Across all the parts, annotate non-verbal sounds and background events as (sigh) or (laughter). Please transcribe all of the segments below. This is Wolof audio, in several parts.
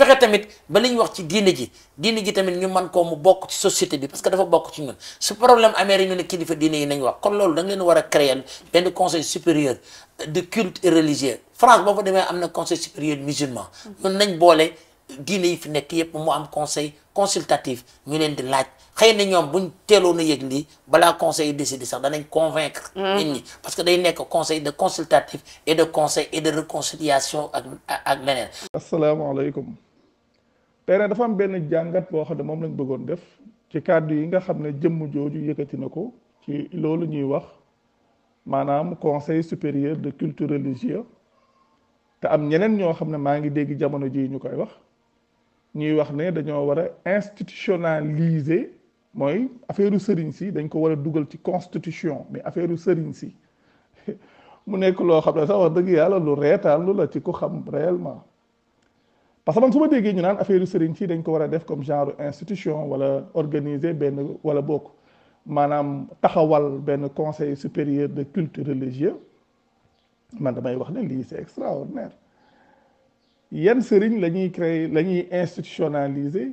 fexe tamit ba li ñu wax ci diine ji diine ji tamit ñu man koo mu bokk ci société bi parce que dafa bokk ci ñun su problème amee rek ñu ne kilifa diine yi nañ wax kon loolu da nga leen war a créer benn conseil supérieur de culte et religieux France boo fa demee am na conseil supérieur musulman ñun nañ boole diine yi fi nekk yépp mu am conseil consultatif ñu leen di laaj xëy na ñoom buñ teeloon a yëg lii balaa conseil yi décidé sax danañ convaincre mm. nit ñi parce que day nekk conseil de consultatif et de conseil et de réconciliation ak ak leneen tey nag dafa am benn jàngat boo xam ne moom lañ bëggoon def ci kàddu yi nga xam ne jëmm jooju yëkkati na ko ci loolu ñuy wax maanaam conseil supérieur de culture religieuse te am ñeneen ñoo xam ne maa ngi dégg jamono ji ñu koy wax ñuy wax ne dañoo war a institutionnaliser mooy affaire sëriñ si dañ ko war a dugal ci constitution mais affaire sëriñ si (laughs) mu nekk loo xam ne sax wax dëgg yàlla lu reetaan lu la ci ko xam réellement parce que man su déggee ñu naan affaire yu sëriñ ci dañ ko war a def comme genre institution wala organiser benn wala bokk maanaam taxawal benn conseil supérieur de culte religieux man damay wax ne lii c'est extraordinaire yan sëriñ la ñuy créer la ñuy institutionnaliser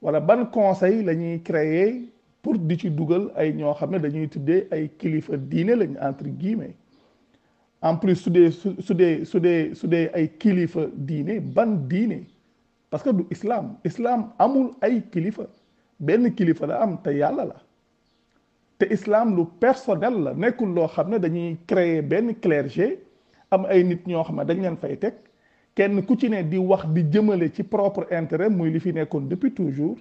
wala ban conseil la ñuy créer pour di ci dugal ay ñoo xam ne dañuy tuddee ay kilifa diine lañ entre guillemets en plus sous des sous su dee su dee su dee ay kilifa diine ban diine parce que du islam islam amul ay kilifa ben kilifa la am te yalla la te islam lu personnel la nekkul loo xam ne dañuy créer ben clergé am ay nit ño xam ne dañ leen fay teg kenn ku ci ne di wax di jëmale ci propre intérêt muy li fi nekkoon depuis toujours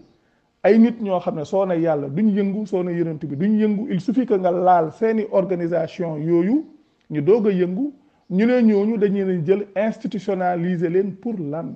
ay nit ñoo xam ne soo ne yàlla duñ yëngu soo ne yonent bi duñ yëngu il suffit que nga laal seeni organisation yooyu ñu doog a yëngu ñu ne ñooñu dañu leen jël institutionnaliser leen pour lan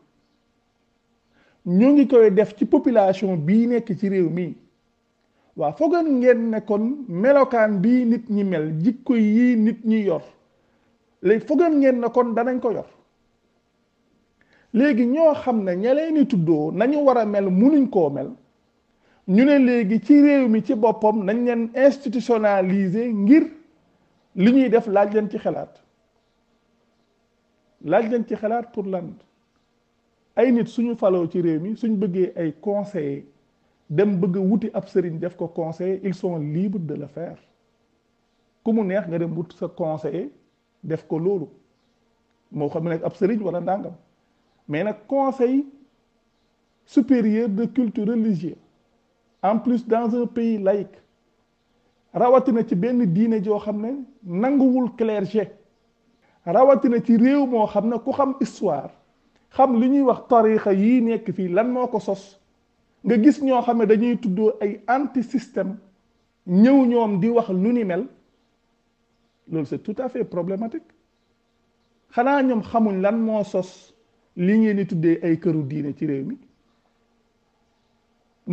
ñu ngi koy def ci population bii nekk ci réew mi waaw foogoon ngeen nekkoon melokaan bii nit ñi mel jikko yii nit ñi yor léegi foogoon ngeen ne danañ ko yor léegi ñoo xam ne ña leen tuddoo nañu war a mel munuñ koo mel ñu ne léegi ci réew mi ci boppam nañ leen institutionnaliser ngir li ñuy def laaj leen ci xalaat laaj leen ci xalaat pour lan. ay nit suñu faloo ci réew mi suñ bëggee ay conseiller dem bëgg wuti ab sëriñ def ko conseiller ils sont libres de le faire ku mu neex nga dem wut sa conseiller def ko loolu moo xam nekk ab sëriñ wala ndàngam mais nag conseil supérieur de culture religieux en plus dans un pays laïque rawatina ci benn diine joo xam ne nanguwul clergé rawatina ci réew moo xam ne ku xam histoire xam li ñuy wax tarixa yii nekk fii lan moo ko sos nga gis ñoo xam ne dañuy tuddoo ay anti système ñëw ñoom di wax lu ni mel loolu c'est tout à fait problématique xanaa ñoom xamuñ lan moo sos li ngeen di tuddee ay këru diine ci réew mi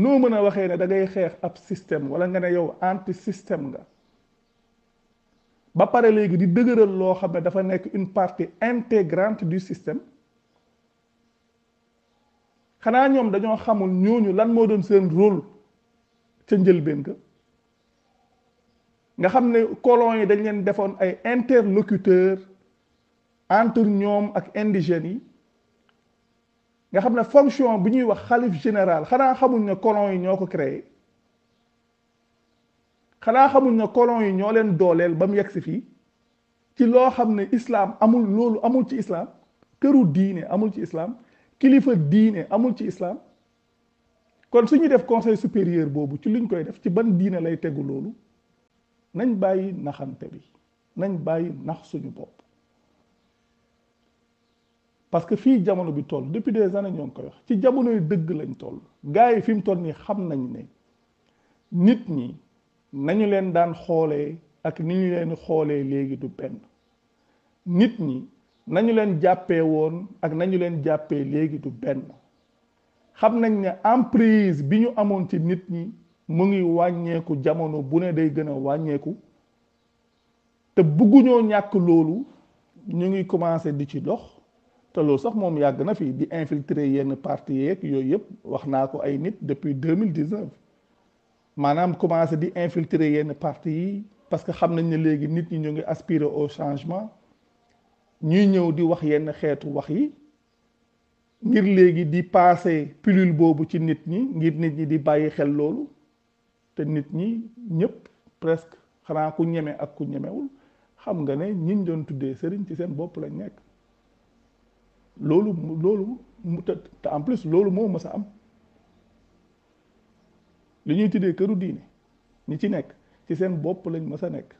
noo mën a waxee ne da ngay xeex ab système wala nga ne yow anti système nga ba pare léegi di dëgëral loo xam ne dafa nekk une partie intégrante du système xanaa ñoom dañoo xamul ñooñu lan moo doon seen rôle ca njëlbeen ga nga xam ne colon yi dañ leen defoon ay interlocuteur entre ñoom ak indigènes yi nga xam ne fonction bi ñuy wax xalif général xanaa xamul ne colon yi ñoo ko créer xanaa xamul ne colon yi ñoo leen dooleel ba mu yegg si fii ci loo xam ne islaam amul loolu amul ci islam këru diine amul ci islaam kilifa diine amul ci islam kon suñu def conseil supérieur boobu ci luñ koy def ci ban diine lay tegu loolu nañ bàyyi naxante bi nañ bàyyi nax suñu bopp parce que fii jamono bi toll depuis des années ñoo koy wax ci lañ toll nit ñi nañu leen daan ak ni leen xoolee léegi nit ñi nañu leen jàppe woon ak nañu leen jàppee léegi du benn xam nañ ne emprise bi ñu amoon ci nit ñi mu ngi wàññeeku jamono bu ne day gën a wàññeeku te bëgguñoo ñàkk loolu ñu ngi commencé di ci dox te loolu sax moom yàgg na fii di infiltrer yenn parti yeeg yooyu yëpp wax naa ko ay nit depuis deux mille dix-neuf maanaam commencé di infiltrer yenn parti yi parce que xam nañ ne léegi nit ñi ñu ngi aspirer au changement ñuy ñëw di wax yenn xeetu wax yi ngir léegi di paase pilule boobu ci nit ñi ngir nit ñi di bàyyi xel loolu te nit ñi ñëpp presque xanaa ku ñeme ak ku ñemewul xam nga ne ñiñ doon tuddee sëriñ ci seen bopp lañ nekk loolu loolu te te en plus loolu moo mës a am li ñuy tuddee këru diine ñi ci nekk ci seen bopp lañ mës a nekk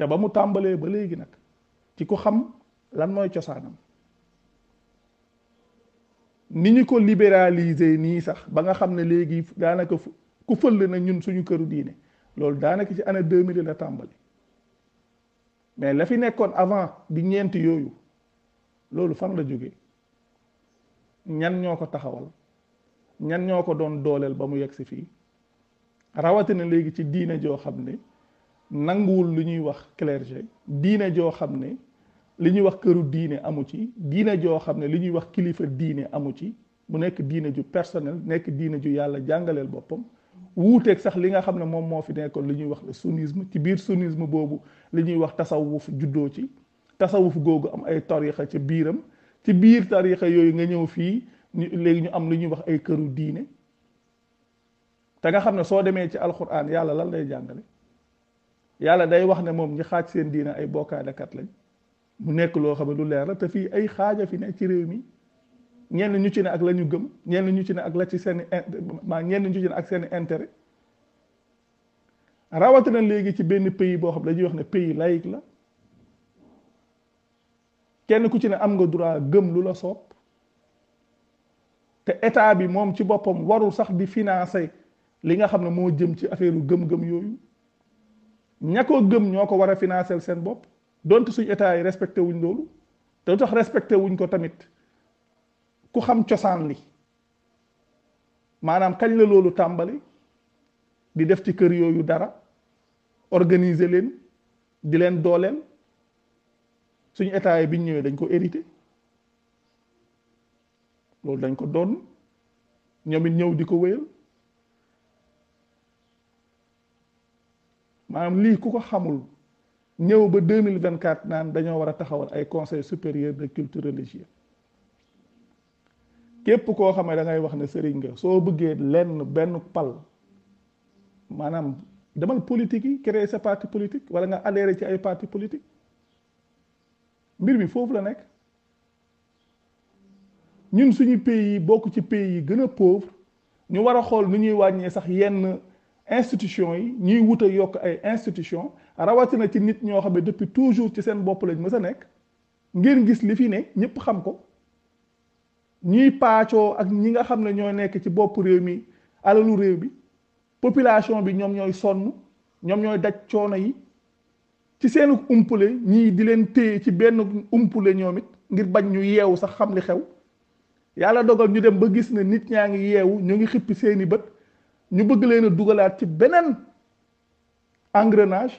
ca ba mu tàmbalee ba léegi nag ci ku xam lan mooy cosaanam ni ñu ko libéraliser nii sax ba nga xam ne léegi daanaka ku fëll na ñun suñu këru diine loolu daanaka ci année 2000 la tàmbali mais la fi nekkoon avant di ñeent yooyu loolu fan la jóge ñan ñoo ko taxawal ñan ñoo ko doon dooleel ba mu yegg si fii rawatina léegi ci diine joo xam ne nanguwul lu ñuy wax clergé diine joo xam ne li ñuy wax këru diine amu ci diine joo xam ne li ñuy wax kilifa diine amu ci mu nekk diine ju personnel nekk diine ju yàlla jàngaleel boppam wuuteeg sax li nga xam ne moom moo fi nekkoon li ñuy wax le ci biir sunnisme boobu li ñuy wax tasawuf juddoo ci tasawuf googu am ay tarixa ci biiram ci biir tarixa yooyu nga ñëw fii léegi ñu am lu ñuy wax ay këru diine te nga xam ne soo demee ci alquran yàlla lan lay jàngale yàlla day wax ne moom ñi xaaj seen diina ay kat lañ mu nekk loo xam ne lu leer la te fii ay xaaja fi ne ci réew mi ñenn ñu ci ne ak la ñu gëm ñenn ñu ci ne ak la ci seen ma ñenn ñu ci ne ak seen intérêt na léegi ci benn pays boo xam dañuy wax ne pays laïque la kenn ku ci ne am nga droit gëm lu la soob te état bi moom ci boppam warul sax di financer li nga xam ne moo jëm ci affaire gëm-gëm yooyu ña ko gëm ñoo ko war a financer seen bopp dont suñ état yi respecté wuñ loolu te lu tax respecté wuñ ko tamit ku xam cosaan li maanaam kañ la loolu tàmbali di def ci kër yooyu dara organiser leen di leen dooleel suñu état yi biñ ñëwee dañ ko hérité loolu dañ ko doon ñoom it ñëw di ko wéyal maanaam lii ku ko xamul ñëw ba deux mille vingt quatre naan dañoo war a taxawal ay conseil supérieur de culture religieuse képp koo xam ne da wax ne sëriñ nga soo bëggee lenn benn pal maanaam demal politique yi créer sa parti politique wala nga adhéré ci ay parti politique mbir mi foofu la nekk ñun suñu pays yi bokk ci pays yi gën a pauvre ñu war a xool nu ñuy wàññee sax yenn institution yi ñuy wut a yokk ay institution rawatina ci nit ñoo xam ne depuis toujours ci seen bopp lañ mës a nekk ngeen gis li fi ne ñëpp xam ko ñuy paacoo ak ñi nga xam ne ñoo nekk ci bopp réew mi alalu réew bi population bi ñoom ñooy sonn ñoom ñooy daj coono yi ci seen umpule ñii di leen téye ci benn umpule ñoom it ngir bañ ñu yeewu sax xam li xew yàlla dogal ñu dem ba gis ne nit ñaa ngi yeewu ñu ngi xippi seeni bët ñu bëgg leen a dugalaat ci beneen engrenage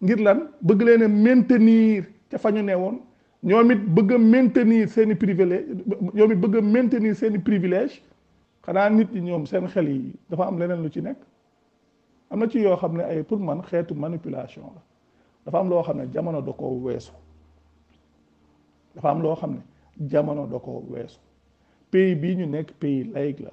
ngir lan bëgg leen a maintenir ca fa ñu ne woon ñoom it bëgg a maintenir seen privilège ñoom it bëgg a maintenir seen i privilège xanaa nit ñi ñoom seen xel yi dafa am leneen lu ci nekk am na ci yoo xam ne ay pour man xeetu manipulation la dafa am loo xam ne jamono doo ko weesu dafa am loo xam ne jamono doo ko weesu pays bii ñu nekk pays laïque la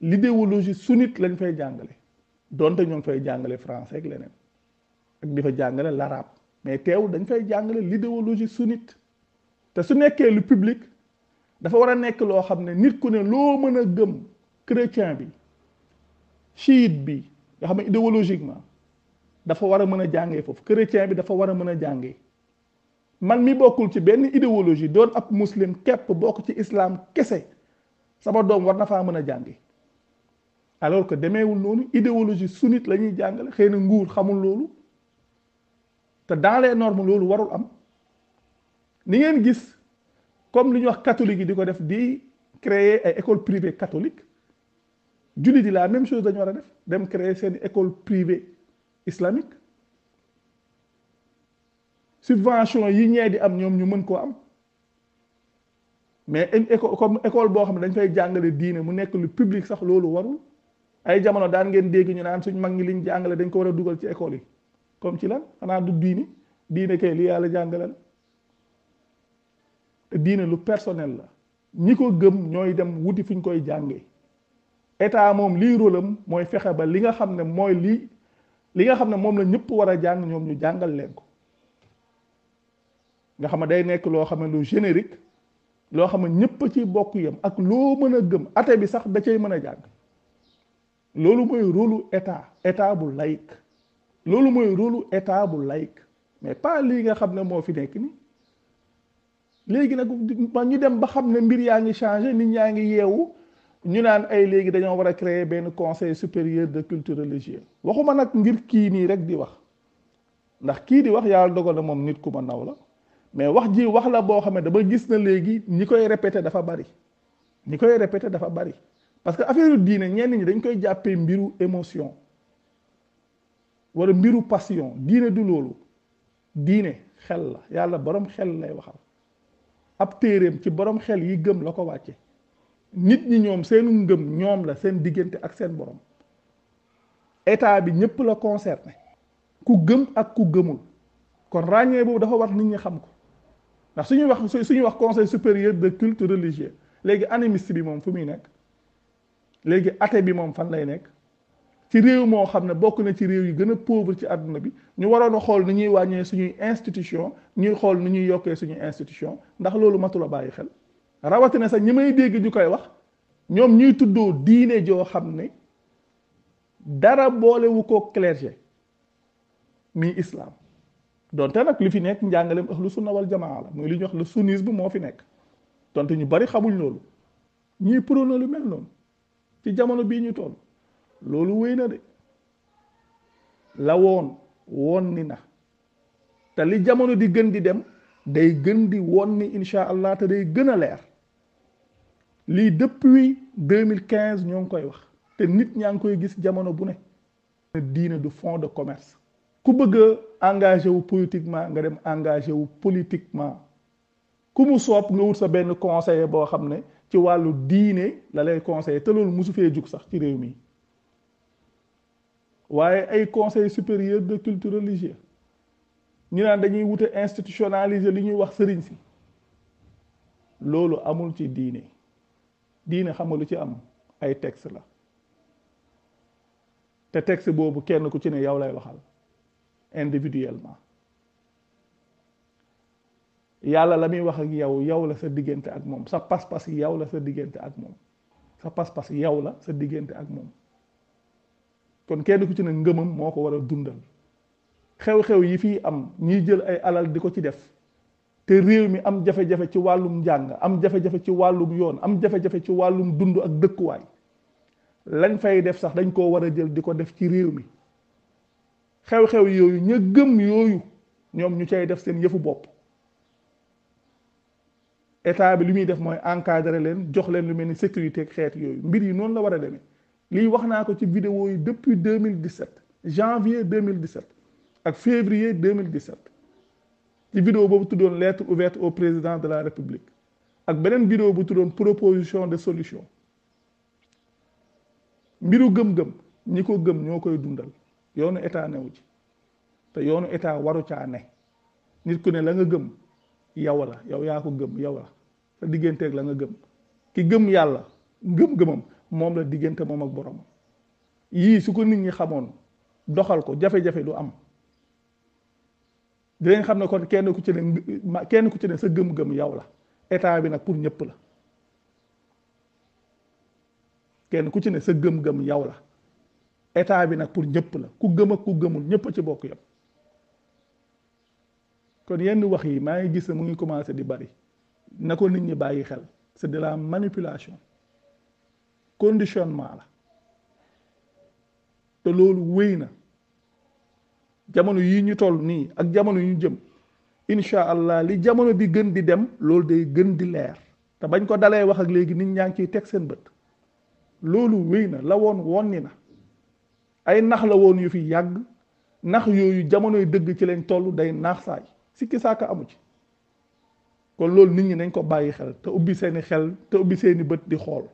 l'idéologie sunnite lañ fay jàngale donte ñoo ngi fay jàngale français ak leneen ak di fa jàngale l'arabe mais teew dañ fay jàngale l'idéologie sunnite te su nekkee lu public dafa war a nekk loo xam ne nit ku ne loo mën a gëm chrétien bi chiite bi yoo xam ne idéologiquement dafa war a mën a jàngee foofu chrétien bi dafa war a mën a jàngee man mi bokkul ci benn idéologie doon ab muslim képp bokk ci islam kese sama doom war na faa mën a jàngee. alors que demeewul noonu idéologie sunnite la ñuy rien xëy na nguur xamul lolu. te dans les normes lolu, warul am ni ngeen gis comme li ñu wax catholique yi di def di créer ay école privée catholique jullit di la même chose dañu wara def dem créer seen école privée islamique subvention yi ñe di am ñom ñu mën ko am mais une école comme école bo xam dañ fay jàngale diine mu nekk lu public sax lolu warul ay jamono daan ngeen dégg ñu naan suñ mag ñi liñ jàngale dañ ko war a dugal ci école yi comme ci lan xanaa du diini bii kay li yàlla jàngalal te lu personnel la ñi ko gëm ñooy dem wuti fuñ koy jàngee état moom lii rôle mooy fexe ba li nga xam ne mooy lii li nga xam ne moom la ñëpp war a jàng ñoom ñu jàngal leen ko nga xam ne day nekk loo xam ne lu générique loo xam ne ñëpp ci bokk yam ak loo mën a gëm ate bi sax da cay mën a jàng loolu mooy rôlu état état bu laïque loolu mooy rôlu état bu laïque mais pas lii nga xam ne moo fi nekk ni léegi nag ñu dem ba xam ne mbir yaa ngi changé nit ñaa ngi yeewu ñu naan ay léegi dañoo war a créer benn conseil supérieur de culture religieuse waxuma nag ngir kii nii rek di wax ndax kii di wax yàlla dogal na moom nit ku ma naw la mais wax ji wax la boo xam ne dama gis na léegi ñi koy répété dafa bari ñi koy répété dafa bari parce que affaire diine ñi dañ koy mbiru émotion wala mbiru passion diine du loolu diine xel la yàlla borom xel lay waxal ab téeréem ci borom xel yi gëm la ko nit ñi seenu ngëm la seen ak seen borom état bi ñëpp la concerné ku gëm kon dafa nit ñi xam ko ndax wax wax conseil supérieur de culte religieux légui animiste bi léegi athée bi moom fan lay nekk ci réew moo xam ne bokk na ci réew yi gën a pauvre ci àdduna bi ñu waroon a xool ni ñuy wàññee suñuy institution ñuy xool nu ñuy yokkee suñuy institution ndax loolu matul a bàyyi xel rawatina sax ñi may dégg ñu koy wax ñoom ñuy tuddoo diine joo xam ne dara boolewu ko clergé mi islam donte nag li fi nekk njàngaleem ahlu sunna wal jamaa la muy li ñu wax le sunnisme moo fi nekk donte ñu bari xamuñ loolu ñuy prôné lu mel C'est jamono bi ñu toll de la woon woon te li dem day gën di insha allah te day gën depuis 2015 koy wax te nit gis jamono bu ne du fonds de commerce ku bëgg engagé wu politiquement nga dem engagé wu politiquement ku mu soob nga wut sa ci wàllu diine lalay lay conseiller te loolu mosu fee jug sax ci réew mi waaye ay conseil supérieur de culte religieux ñu naan dañuy wute institutionnaliser li ñuy wax sëriñ si loolu amul ci diine diine xamalu ci am ay texte la te texte boobu kenn ku ci ne yow lay waxal individuellement yàlla la muy wax ak yow yow la sa diggante ak moom sa pas-pas yow la sa diggante ak moom sa pas-pas yow la sa diggante ak moom kon kenn ku ci ne ngëmam moo ko war a dundal xew-xew yi fii am ñiy jël ay alal di ko ci def te réew mi am jafe-jafe ci wàllum njàng am jafe-jafe ci wàllum yoon am jafe-jafe ci wàllum dund ak dëkkuwaay lañ fay def sax dañ koo war a jël di ko def ci réew mi xew-xew yooyu ña gëm yooyu ñoom ñu cay def seen yëfu bopp état bi li muy def mooy encadrer leen jox leen lu mel ni sécurité ak xeet yooyu mbir yi noonu la war a demee lii wax naa ko ci vidéo yi depuis 2017 janvier 2017 ak février 2017 ci vidéo boobu tuddoon lettre ouverte au président de la république ak beneen vidéo bu tuddoon proposition de solution mbiru gëm-gëm ñi ko gëm ñoo koy dundal yoonu état newu ci te yoonu état waru ca ne nit ku ne la nga gëm yow la yow yaa ko gëm yow la sa digganteeg la nga gëm ki gëm yàlla ngëm-gëmam moom la diggante moom ak borom yii su ko nit ñi xamoon doxal ko jafe-jafe du am dinañ xam ne kon kenn ku ci ne ku ci ne sa gëm-gëm yow la état bi nag pour ñëpp la kenn ku ci ne sa gëm-gëm yow la état bi nag pour ñëpp la ku gëm ak ku gëmul ñëpp a ci bokk yëpp kon yenn wax yi maa ngi gis ne mu ngi commencé di bari na ko nit ñi bàyyi xel c' est de la manipulation conditionnement la te loolu wéy na jamono yi ñu toll nii ak jamono yu ñu jëm incha allah li jamono bi gën di dem loolu day gën di leer te bañ ko dalee wax ak léegi nit ñaa ngi ciy teg seen bët loolu wéy na la woon woon ni na ay nax la woon yu fi yàgg nax yooyu jamonoy dëgg ci lañ toll day naax saay sikki saaka amu ci kon loolu nit ñi nañ ko bàyyi xel te ubbi seeni xel te ubbi seeni bët di xool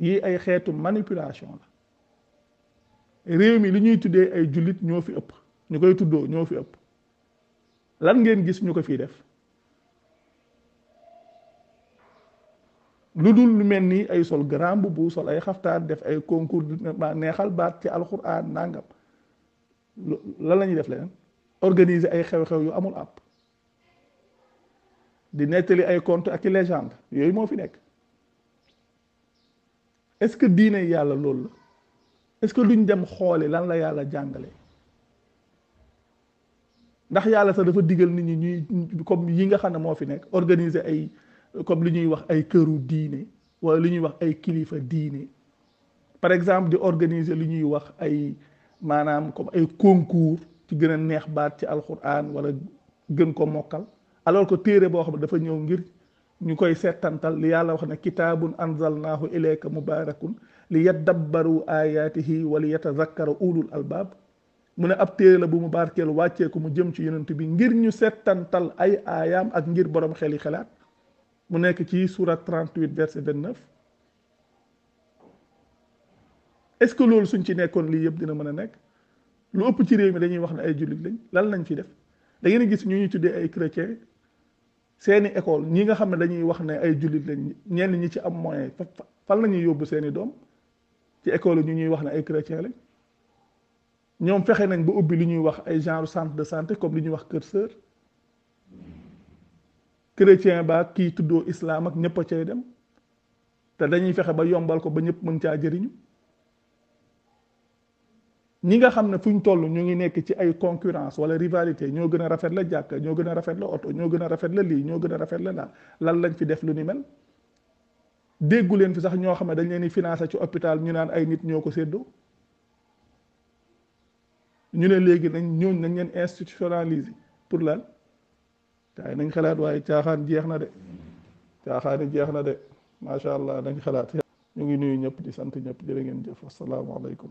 yii ay xeetu manipulation la réew mi li ñuy tuddee ay jullit ñoo fi ëpp ñu koy tuddoo ñoo fi ëpp lan ngeen gis ñu ko fiy def lu dul lu mel ni ay sol grand bu sol ay xaftaan def ay concours neexal baat ci alxuraan nangam lan la ñuy def leen organiser ay xew-xew yu amul àpp di nettali ay conte ak i légende yooyu moo fi nekk est-ce que diine yàlla loolu la est-ce que ñu dem xooli lan la yàlla jàngale ndax yàlla sax dafa digal nit ñi ñuy comme yi nga xam ne moo fi nekk organiser ay comme li ñuy wax ay këru diine wala li ñuy wax ay kilifa diine par exemple di organiser lu ñuy wax ay maanaam comme ay concours ci gën a neex baat ci alquran wala gën ko mokkal alors que téere boo xam ne dafa ñëw ngir ñu koy settantal li yàlla wax ne kitaabun anzalnahu ilayka mubarakun li yaddabbaru ayatihi wa li yatazakkaru ulul albab mu ne ab téere la bu mu barkeel wàcceeku mu jëm ci yonent bi ngir ñu settantal ay aayaam ak ngir borom xeli xelaat mu nekk ci surat 38 verset 29 est ce que loolu suñ ci nekkoon lii yëpp dina mën a nekk lu ëpp ci réew mi dañuy wax ne ay jullit lañ lan lañ fi def da ngeen gis ñu ñu tuddee ay chrétien seeni école ñi nga xam ne dañuy wax ne ay jullit lañ ñenn ñi ci am moyen fan la ñuy yóbbu seeni doom ci école ñu ñuy wax ne ay chrétien lañ ñoom fexe nañ ba ubbi li ñuy wax ay genre centre de santé comme li ñuy wax kër sœur chrétien ba kii tuddoo islaam ak ñëpp a cay dem te dañuy fexe ba yombal ko ba ñëpp mën caa jëriñu ñi nga xam ne fu ñu toll ñu ngi nekk ci ay concurrence wala rivalité ñoo gën a rafet la jàkk ñoo gën a rafet la oto ñoo gën a rafet la lii ñoo gën a rafet la laa lan lañ fi def lu ni mel déggu leen fi sax ñoo xam ne dañ leen di financé ci hôpital ñu naan ay nit ñoo ko séddoo ñu ne léegi nañ ñooñ nañ leen institutionnaliser pour lan waaye nañ xalaat waaye caaxaan jeex na de caaxaani jeex na de macha allah nañ xalaat ñu ngi nuyu ñëpp di sant ñëpp jële ngeen jëf asalaamaaleykum